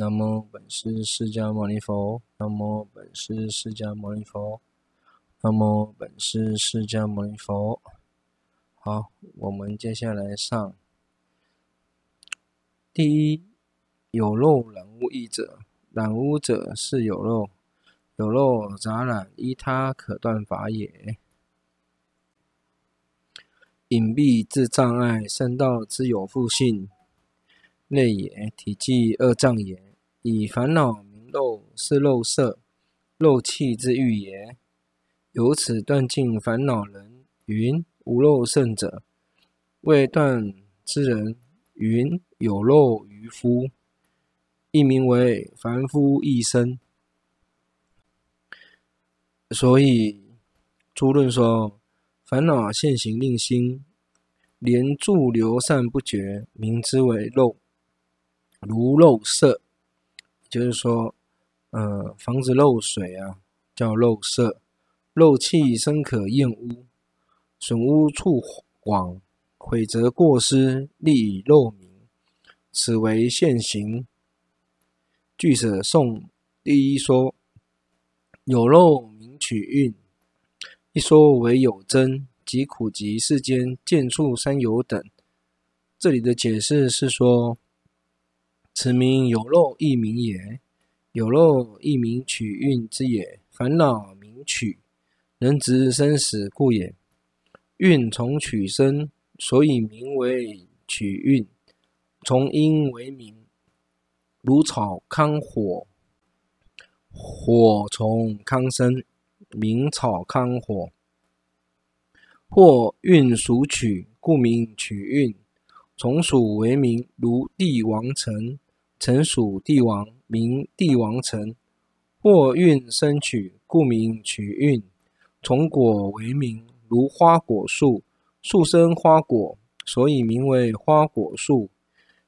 南無本師釋迦牟尼佛，南無本師釋迦牟尼佛，南無本師釋迦牟尼佛。好，我們接下來上第一，有漏染污意者，染污者是有漏，有漏雜染依他可斷法也，隱蔽自障礙，聖道之有覆性內也，體即二障也。以煩惱名漏，是漏色、漏氣之欲也。由此斷盡煩惱人，雲無漏聖者；未斷之人，雲有漏愚夫，亦名為凡夫一生。所以，諸論說，煩惱現行令心連註流散不絕，名之為漏，如漏色。就是說，呃，房子漏水啊，叫漏色；漏氣生可厭污，損污處廣，悔則過失，利以漏名，此為現行。據舍誦第一說，有漏名取蘊，一說為有真即苦集世間見處三有等。這裡的解釋是說。此名有漏異名也，有漏異名取蘊之也。煩惱名取，人之生死故也。蘊從取生，所以名為取蘊。從因為名，如草糠火，火從糠生，名草糠火。或蘊屬取，故名取蘊。從屬為名，如帝王城。臣屬帝王，名帝王臣，或蘊生取，故名取蘊。從果為名，如花果樹，樹生花果，所以名為花果樹。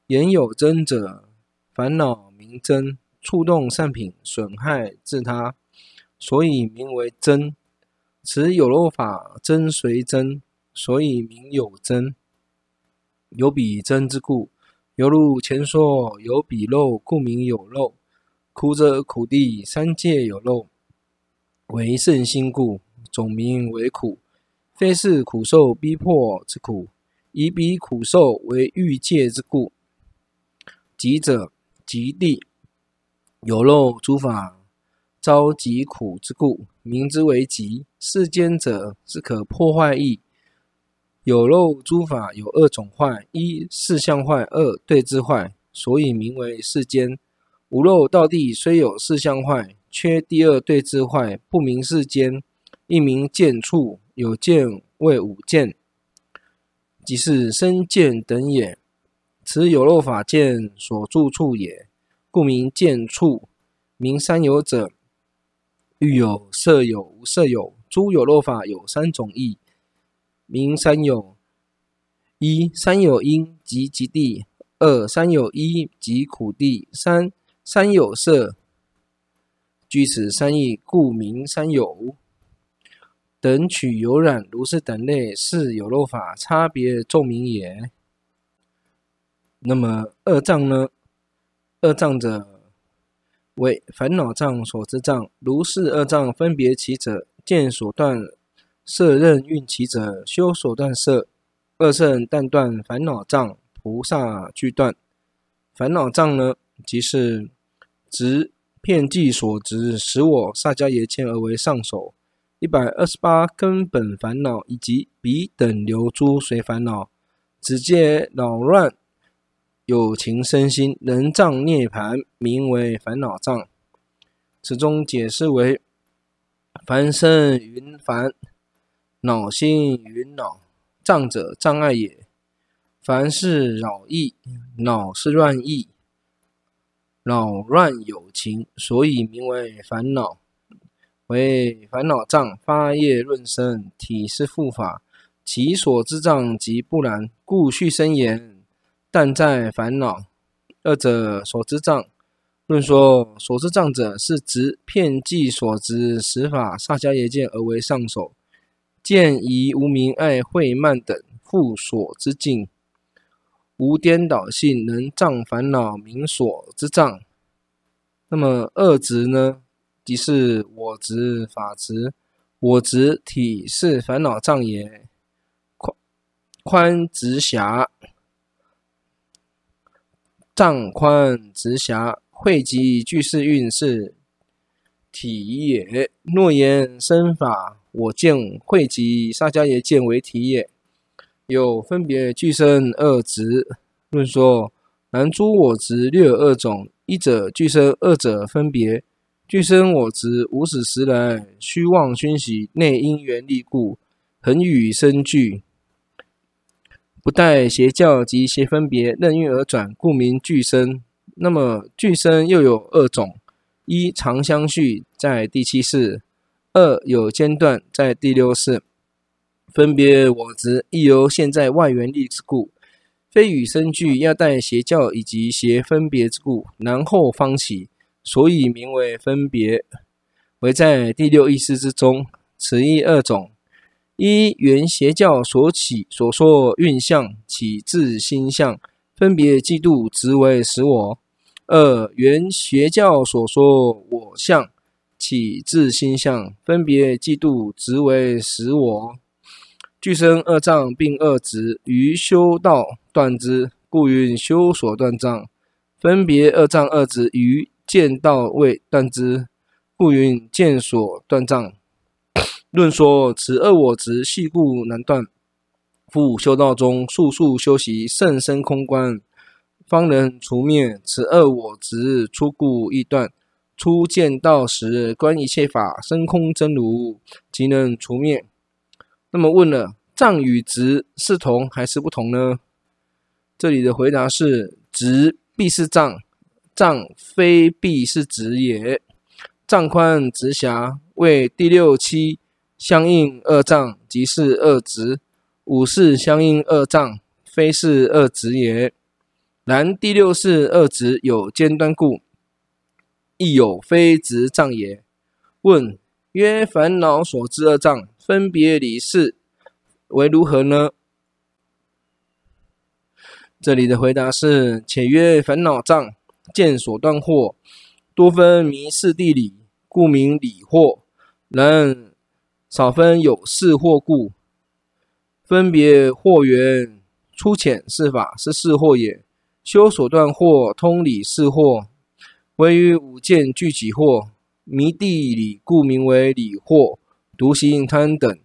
言有漏者，煩惱名漏，觸動善品，損害自他，所以名為漏。此有漏法漏隨漏，所以名有漏。有彼漏之故。猶如前說，有彼漏故名有漏，苦者苦諦三界有漏，為聖心故，總名為苦，非是苦受逼迫之苦，以彼苦受為欲界之故。集者集諦，有漏諸法招集苦之故，名之為集。世間者，是可破壞義。有漏諸法有二種壞：一、事相壞；二、對治壞。所以名為世間。無漏道諦雖有事相壞，缺第二對治壞，不名世間，一名見處。有見謂五見，即是身見等也。此有漏法見所住處也，故名見處。名三有者：欲有、色有、色有、無色有。諸有漏法有三種義。名三有：一、三有因，即及及地；二、三有依，即苦地；三、三有色。據此三義，故名三有。等取有染，如是等類，是有漏法差別眾名也。那麼二障呢？二障者，為煩惱障、所知障。如是二障分別起者，見所斷。色任運起者，修所斷色；惡聖斷斷煩惱障，菩薩具斷煩惱障呢，即是執遍技所執，使我薩迦耶見而為上首。一百二十八根本煩惱以及彼等流諸隨煩惱，直接擾亂有情身心，人障涅盤，名為煩惱障。此中解釋為凡生云凡惱心云惱，障者障礙也。凡事擾意，惱是亂意，擾亂有情，所以名為煩惱。為煩惱障發業潤生，體是復法，其所知障即不然，故續生言。但在煩惱，二者所知障論說所知障者是執遍計所執實法，薩迦耶見而為上首。見疑無明愛恚慢等覆所知境，無顛倒性，能障煩惱，名所知障。那麼二執呢？即是我執、法執。我執體是煩惱障也。寬執寬執狹障寬執狹，慧及具是蘊是體也。若言身法，我見慧集薩迦耶見為體也，有分別俱生二執論說，然諸我執略有二種：一者俱生，二者分別。俱生我執，無始時來虛妄熏習，內因緣力故，恆與身俱，不待邪教及邪分別，任運而轉，故名俱生。那麼俱生又有二種：一常相續，在第七識。二有間斷，在第六識，分別我執亦由現在外緣力之故，非與身俱要待邪教以及邪分別之故，然後方起，所以名為分別，唯在第六意識之中，此亦二種：一緣邪教所起所說蘊相起自心相，分別計度，執為實我；二緣邪教所說我相。起自心相，分別計度，執為實我，俱生二障並二執，於修道斷之，故云修所斷障；分別二障二執於見道位斷之，故云見所斷障。論說此二我執細故難斷，復修道中數數修習甚深空觀，方能除滅此二我執，麤故易斷。初見道時，觀一切法生空真如，即能除滅。那麼問了，障與執是同還是不同呢？這裡的回答是：執必是障，障非必是執也。障寬執狹，為第六七相應二障，即是二執；五識相應二障，非是二執也。然第六識二執，有尖端故。亦有非直障也。問曰：煩惱所知二障，分別理事為如何呢？這裡的回答是：且曰煩惱障，見所斷惑多分迷事理故，顧名理惑；然少分有事惑故，分別惑源粗淺，是法是事惑也。修所斷惑通理事惑。唯於五見俱起惑，迷地理故名為理惑；獨行貪等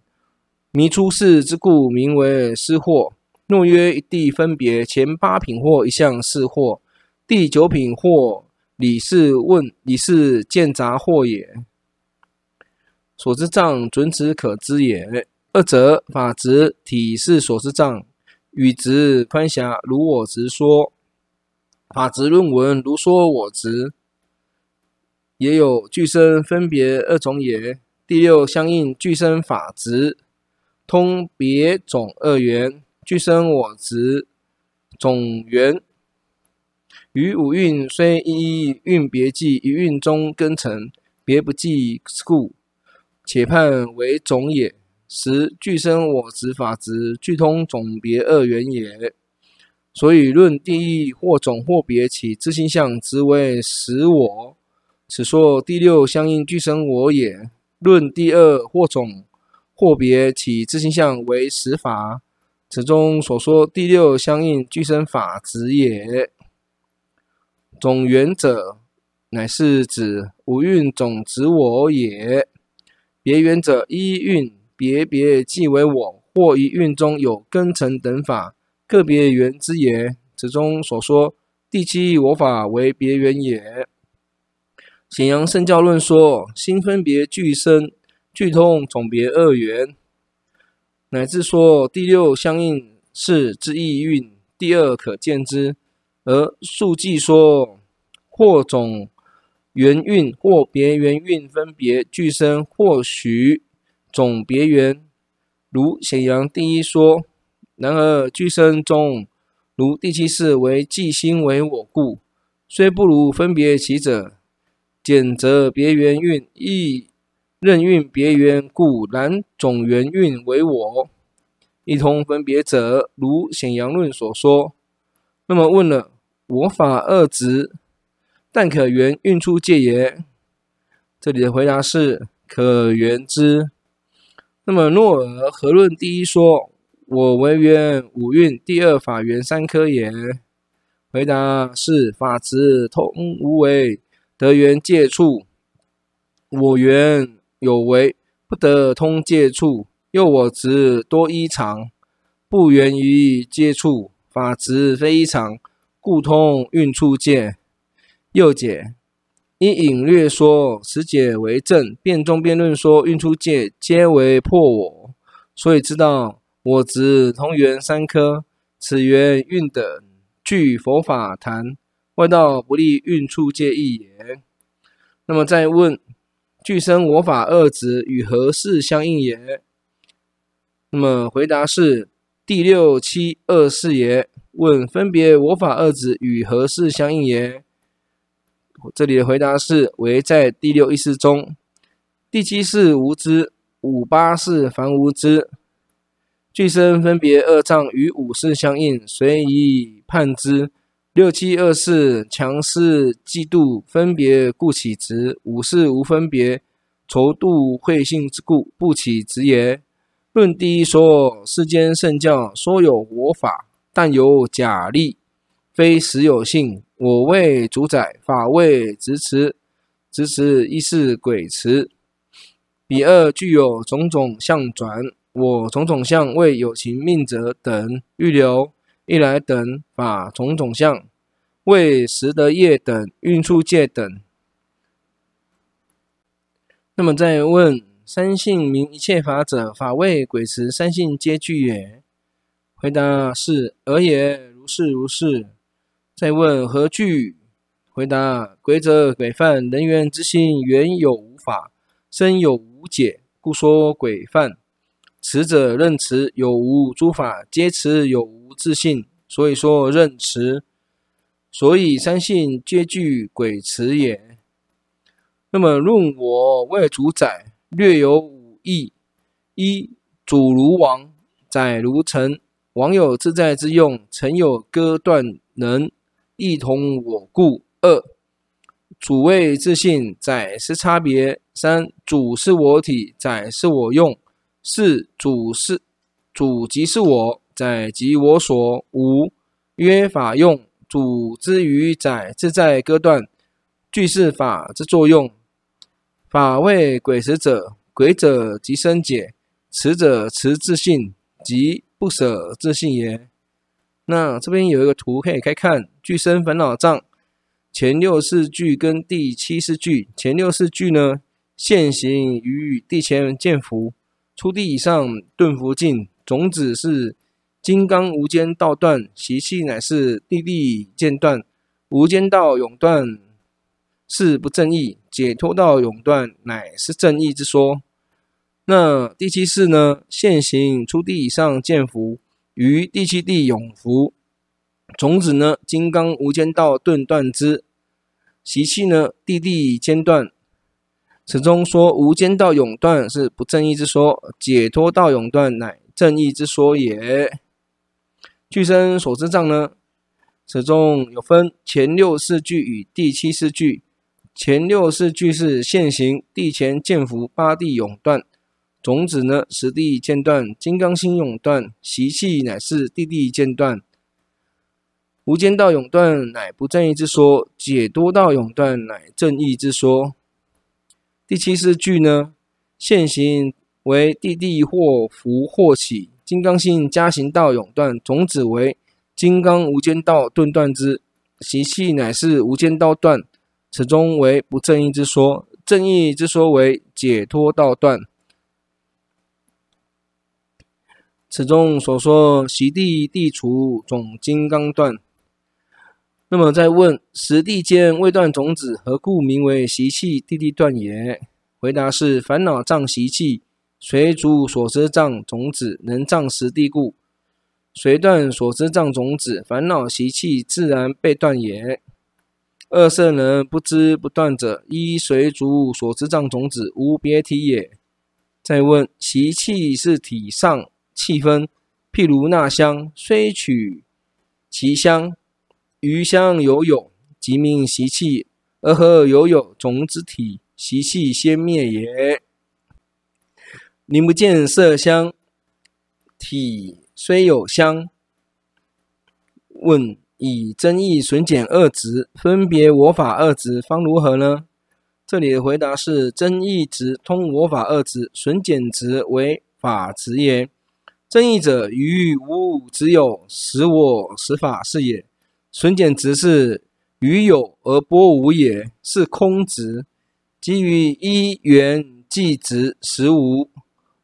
迷出世之故名為事惑。若約一地分別，前八品惑一向是事惑，第九品惑理事問，理事見雜惑也。所知障準此可知也。二者法執體是所知障，與執寬狹如我執說，法執論文如說我執。也有俱生分別二種也。第六相應俱生法執，通別總二緣，俱生我執，總緣於五蘊雖一蘊，蘊別記，一蘊中根成，別不記故，且判為總也。十俱生我執法執俱通總別二緣也。所以論第一或總或別，起自心相執為實我。此說第六相應俱生我也，論第二或總或別起自心相為實法，此中所說第六相應俱生法執也。總緣者，乃是指五蘊總執我也；別緣者，依蘊別別即為我，或依蘊中有根塵等法個別緣之也。此中所說第七我法為別緣也。顯揚聖教論說，心分別俱生俱通總別二緣，乃至說第六相應是之意蘊，第二可見之。而述記說，或總緣蘊，或別緣蘊分別俱生，或許總別緣，如顯揚第一說。然而俱生中，如第七世為既心為我故，雖不如分別起者。簡則別緣運亦任運別緣故，然總原運為我一通分別者，如顯陽論所說。那麼問了我法二執，但可原運出界也。這裡的回答是可原之。那麼諾爾何論第一說，我為原五運，第二法緣三科也。回答是法執通無為。得緣界處，我緣有為，不得通界處；又我執多一常，不緣於界處。法執非一常，故通蘊處界。又解：因隱略說，此解為正；辯中邊論說，蘊處界皆為破我。所以知道我執通緣三科，此緣蘊等，據佛法談。外道不立蘊處界義也，那麼再問俱生我法二子與何事相應也？那麼回答是第六七二四也。問分別我法二子與何事相應也？這裡的回答是唯在第六意識中，第七識無之，五八識凡無之。俱生分別二障與五事相應，隨以判之。六七二識，強勢計度，分別故起執；五識無分別，籌度慧性之故，不起執也。論第一說，世間聖教說有我法，但有假立，非實有性。我為主宰，法為執持，執持一是軌持。彼二具有種種相轉，我種種相為有情命者等預流。一來等法種種相，未識得業等蘊處界等。那麼再問，三性名一切法者，法謂軌持，三性皆具也。回答是，爾也，如是如是。再問何具？回答軌者軌範，人緣之心原有無法，生有無解，故說軌範。持者任持有無諸法，皆持有無自性。所以說任持，所以三性皆具鬼持也。那麼論我為主宰，略有五義：一、主如王，宰如臣；王有自在之用，臣有割斷能，義同我故。二、主謂自信，宰是差別。三、主是我體，宰是我用。是主是主即是我，宰即我所無。無約法用，主之於宰自在割斷，俱是法之作用。法謂軌持者，軌者即生解，持者持自信，即不舍自信也。那這邊有一個圖可以開看，俱生煩惱障，前六識俱跟第七識俱。前六識俱呢，現行於地前見福。初地以上頓伏盡，種子是金剛無間道斷，習氣乃是地地間斷。無間道永斷是不正義，解脫道永斷乃是正義之說。那第七識呢，現行初地以上漸伏於第七地永伏，種子呢，金剛無間道頓斷之，習氣呢，地地間斷。此中說無間道永斷是不正義之說，解脫道永斷乃正義之說也。俱生所知障呢？此中有分前六四句與第七四句。前六四句是現行地前見伏八地永斷，種子呢十地間斷，金剛心永斷，習氣乃是地地間斷。無間道永斷乃不正義之說，解脫道永斷乃正義之說。第七四句呢，現行為地地或伏或起，金剛性加行道永斷，種子為金剛無間道頓斷之習氣，乃是無間道斷，此中為不正義之說，正義之說為解脫道斷，此中所說習地地處總金剛斷。那麼再問：實地間未斷種子，何故名為習氣？地地斷也。回答是：煩惱障習氣，隨主所知障種子能障實地故，隨斷所知障種子，煩惱習氣自然被斷也。二乘人不知不斷者，依隨主所知障種子無別體也。再問：習氣是體上氣分，譬如那香，雖取其香。魚香有有，即名習氣。而何有有，種子體習氣先滅也？名不見色香，體雖有香。問以增益損減二執，分別我法二執方如何呢？這裡的回答是：增益執通我法二執，損減執為法執也。增益者，於無物執有實我實法是也。損減執是於有而撥無也，是空執；即於一元即執實無，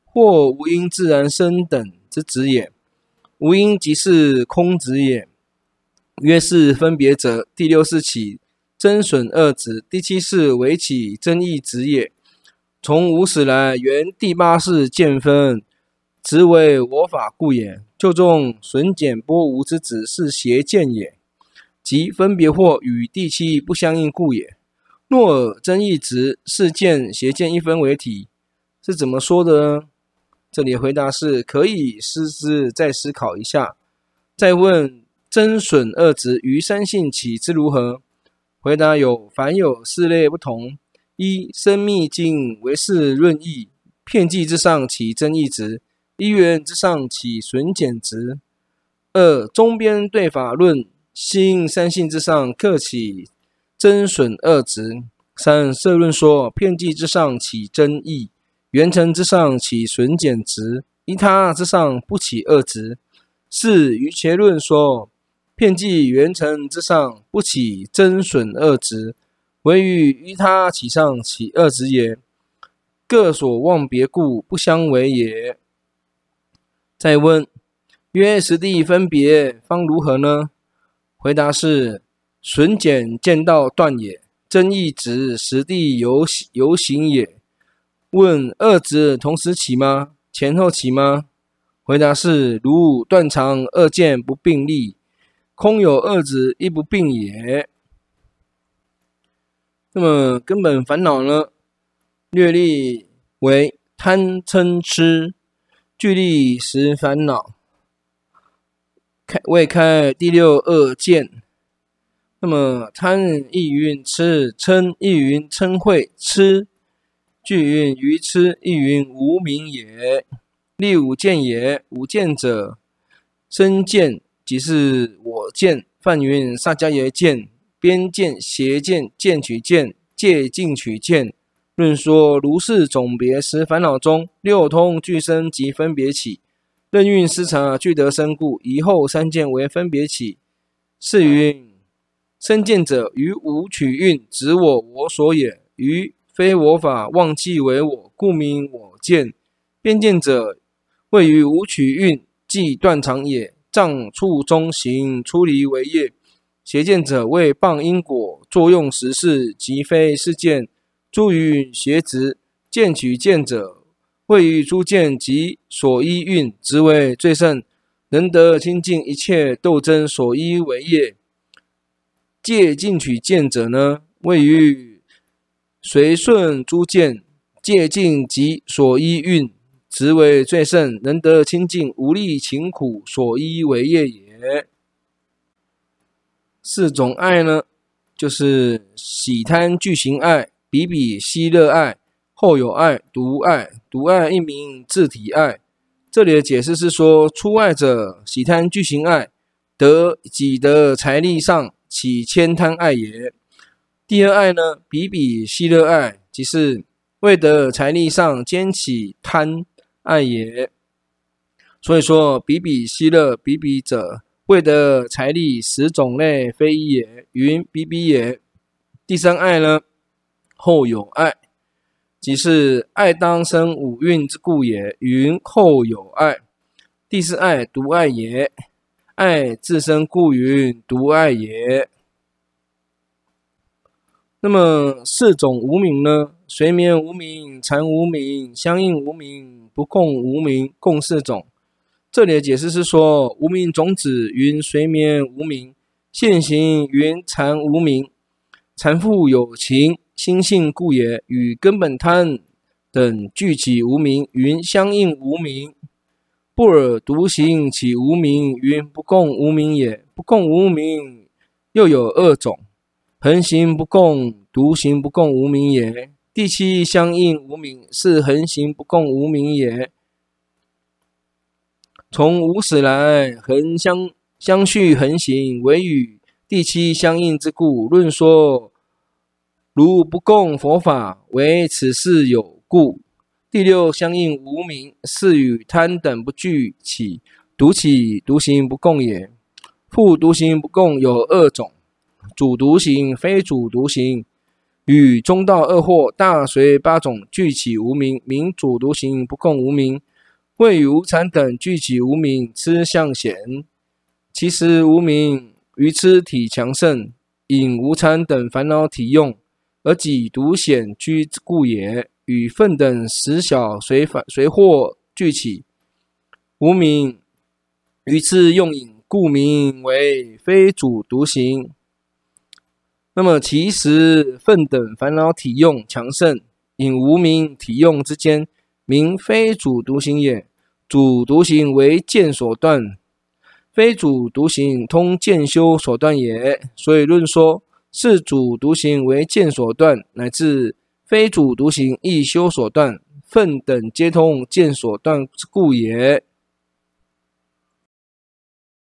或無因自然生等之執也。無因即是空執也。約是分別者，第六是起增損二執，第七是唯起增益執也。從無始來，原第八識見分執為我法故也。就中損減撥無之執是邪見也。即分別或與第七不相應故也。若爾增益執，是見邪見一分為體，是怎麼說的呢？這裡的回答是可以思之，再思考一下。再問增損二執於三性起之如何？回答有：凡有四類不同：一、深密經唯識論義，遍計之上起增益執，依圓之上起損減執。二、中邊對法論。心三性之上，克起增損二執；三、攝論說，遍計之上起增益，圓成之上起損減執，依他之上不起二執。四、瑜伽論說，遍計圓成之上不起增損二執，唯於，依他其上起二執也。各所望別故，不相違也。再問：約十地分別方如何呢？回答是：損減見道斷也，正義指實地遊遊行也。問二執同時起嗎？前後起嗎？回答是：如斷常二見不並立，空有二執亦不並也。那麼根本煩惱呢？略立為貪嗔痴，具立十煩惱。開未開第六惡見，那麼貪亦云痴，嗔亦云嗔恚痴，俱雲愚痴，亦云無明也，立五見也，五見者身見，即是我見。梵雲薩迦耶見，邊見邪見，見取見，戒禁取見。論說如是總別十煩惱中，六通俱生及分別起。任運思察，俱得生故。以後三見為分別起，是雲身見者，於五取蘊，執我我所也；於非我法，妄計為我，故名我見。邊見者，謂於五取蘊，計斷常也。障處中行，出離為業。邪見者，謂謗因果，作用實事，及非四見。諸餘邪執，見取見者。謂於諸見及所依蘊，執為最勝，能得清淨一切鬥爭所依為業。戒禁取見者呢，謂於隨順諸見，戒禁及所依蘊，執為最勝，能得清淨無利勤苦所依為業也。四種愛呢，就是喜貪俱行愛、彼彼喜樂愛。後有愛，獨愛，獨愛一名自體愛。這裡的解釋是說，初愛者喜貪俱行愛，得己得財力上起千貪愛也。第二愛呢，彼彼喜樂愛，即是未得財力上兼起貪愛也。所以說，彼彼喜樂，彼彼者未得財力十種類非一也，云彼彼也。第三愛呢，後有愛。即是愛當生五蘊之故也。云後有愛，第四愛獨愛也。愛自身故云獨愛也。那麼四種無明呢？隨眠無明，纏無明，相應無明，不共無明，共四種。這裡的解釋是說，無明種子云隨眠無明，現行云纏無明，纏復有情。親信故也，與根本貪等俱起無明，云相應無明。不爾獨行起無明，云不共無明也。不共無明又有二種，恆行不共，獨行不共無明也。第七相應無明，是恆行不共無明也。從無始來，恆相相續恆行，唯與第七相應之故，論說。如不共佛法，唯此事有故。第六相應無明，是與貪等不俱起，獨起獨行不共也。復獨行不共有二種，主獨行、非主獨行，與中道二惑大隨八種俱起無明，名主獨行不共無明。謂與無慚等俱起無明，癡相顯，其實無明，愚癡體強盛，引無慚等煩惱體用。而己獨顯居之故也。與忿等十小隨反隨惑俱起，無明於次用隱，故名為非主獨行。那麼其實忿等煩惱體用強盛，隱無明體用之間，名非主獨行也。主獨行為見所斷，非主獨行通見修所斷也。所以論說。是主獨行，為見所斷；乃至非主獨行，亦修所斷。忿等皆通，見所斷故也。